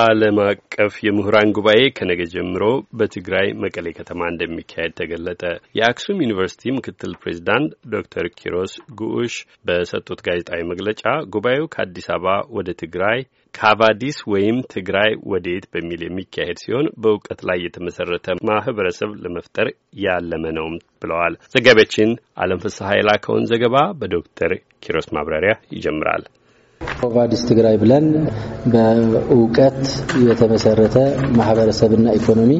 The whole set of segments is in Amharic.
ዓለም አቀፍ የምሁራን ጉባኤ ከነገ ጀምሮ በትግራይ መቀሌ ከተማ እንደሚካሄድ ተገለጠ። የአክሱም ዩኒቨርሲቲ ምክትል ፕሬዚዳንት ዶክተር ኪሮስ ጉዑሽ በሰጡት ጋዜጣዊ መግለጫ ጉባኤው ከአዲስ አበባ ወደ ትግራይ ከአባዲስ ወይም ትግራይ ወዴት በሚል የሚካሄድ ሲሆን በእውቀት ላይ የተመሰረተ ማህበረሰብ ለመፍጠር ያለመ ነውም ብለዋል። ዘጋቢያችን አለም ፍስሐ የላከውን ዘገባ በዶክተር ኪሮስ ማብራሪያ ይጀምራል። ኦቫዲስ ትግራይ ብለን በእውቀት የተመሰረተ ማህበረሰብና ኢኮኖሚ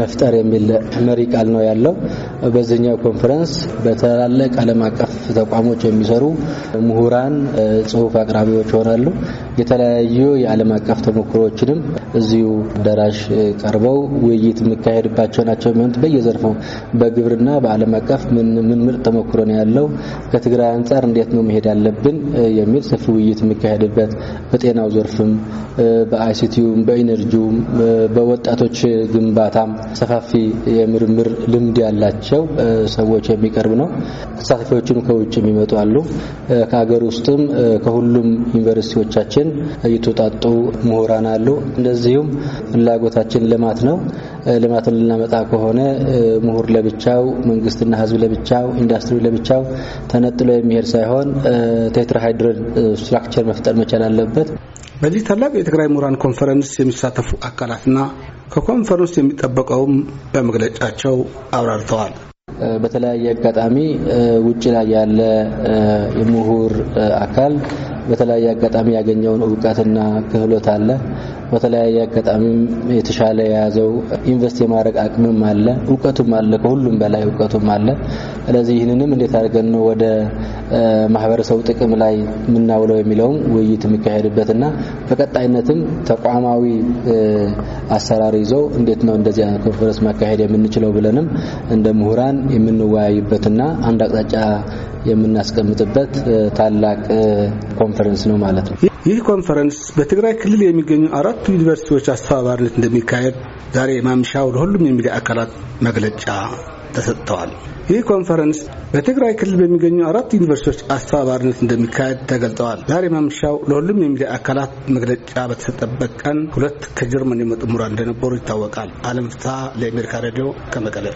መፍጠር የሚል መሪ ቃል ነው ያለው። በዚህኛው ኮንፈረንስ በትላልቅ ዓለም አቀፍ ተቋሞች የሚሰሩ ምሁራን፣ ጽሁፍ አቅራቢዎች ይሆናሉ። የተለያዩ የዓለም አቀፍ ተሞክሮዎችንም እዚሁ አዳራሽ ቀርበው ውይይት የሚካሄድባቸው ናቸው የሚሆኑት። በየዘርፉ በግብርና በዓለም አቀፍ ምን ምን ምርጥ ተሞክሮ ነው ያለው፣ ከትግራይ አንጻር እንዴት ነው መሄድ ያለብን የሚል ሰፊ ውይይት የሚካሄድበት በጤናው ዘርፍም በአይሲቲውም በኢነርጂውም በወጣቶች ግንባታም ሰፋፊ የምርምር ልምድ ያላቸው ላላቸው ሰዎች የሚቀርብ ነው። ተሳታፊዎችም ከውጭ የሚመጡ አሉ። ከሀገር ውስጥም ከሁሉም ዩኒቨርሲቲዎቻችን እየተጣጡ ምሁራን አሉ። እንደዚሁም ፍላጎታችን ልማት ነው። ልማትን ልናመጣ ከሆነ ምሁር ለብቻው፣ መንግስትና ህዝብ ለብቻው፣ ኢንዱስትሪ ለብቻው ተነጥሎ የሚሄድ ሳይሆን ቴትራሃይድረል ስትራክቸር መፍጠር መቻል አለበት። በዚህ ታላቅ የትግራይ ምሁራን ኮንፈረንስ የሚሳተፉ አካላትና ከኮንፈረንስ የሚጠበቀውም በመግለጫቸው አብራርተዋል። በተለያየ አጋጣሚ ውጭ ላይ ያለ የምሁር አካል በተለያየ አጋጣሚ ያገኘውን እውቀትና ክህሎት አለ። በተለያየ አጋጣሚም የተሻለ የያዘው ኢንቨስት የማድረግ አቅምም አለ፣ እውቀቱም አለ። ከሁሉም በላይ እውቀቱም አለ። ስለዚህ ይህንንም እንዴት አድርገን ነው ወደ ማህበረሰቡ ጥቅም ላይ የምናውለው የሚለውም ውይይት እና በቀጣይነትም ተቋማዊ አሰራር ይዞ እንዴት ነው እንደዚህ አይነት ኮንፈረንስ ማካሄድ የምንችለው ብለንም እንደ ምሁራን የምንወያይበትና አንድ አቅጣጫ የምናስቀምጥበት ታላቅ ኮንፈረንስ ነው ማለት ነው። ይህ ኮንፈረንስ በትግራይ ክልል የሚገኙ አራቱ ዩኒቨርሲቲዎች አስተባባሪነት እንደሚካሄድ ዛሬ ማምሻው ለሁሉም የሚዲያ አካላት መግለጫ ተሰጥተዋል። ይህ ኮንፈረንስ በትግራይ ክልል በሚገኙ አራት ዩኒቨርሲቲዎች አስተባባሪነት እንደሚካሄድ ተገልጠዋል። ዛሬ ማምሻው ለሁሉም የሚዲያ አካላት መግለጫ በተሰጠበት ቀን ሁለት ከጀርመን የመጡ ምሁራን እንደነበሩ ይታወቃል። አለም ፍትሀ ለአሜሪካ ሬዲዮ ከመቀለ።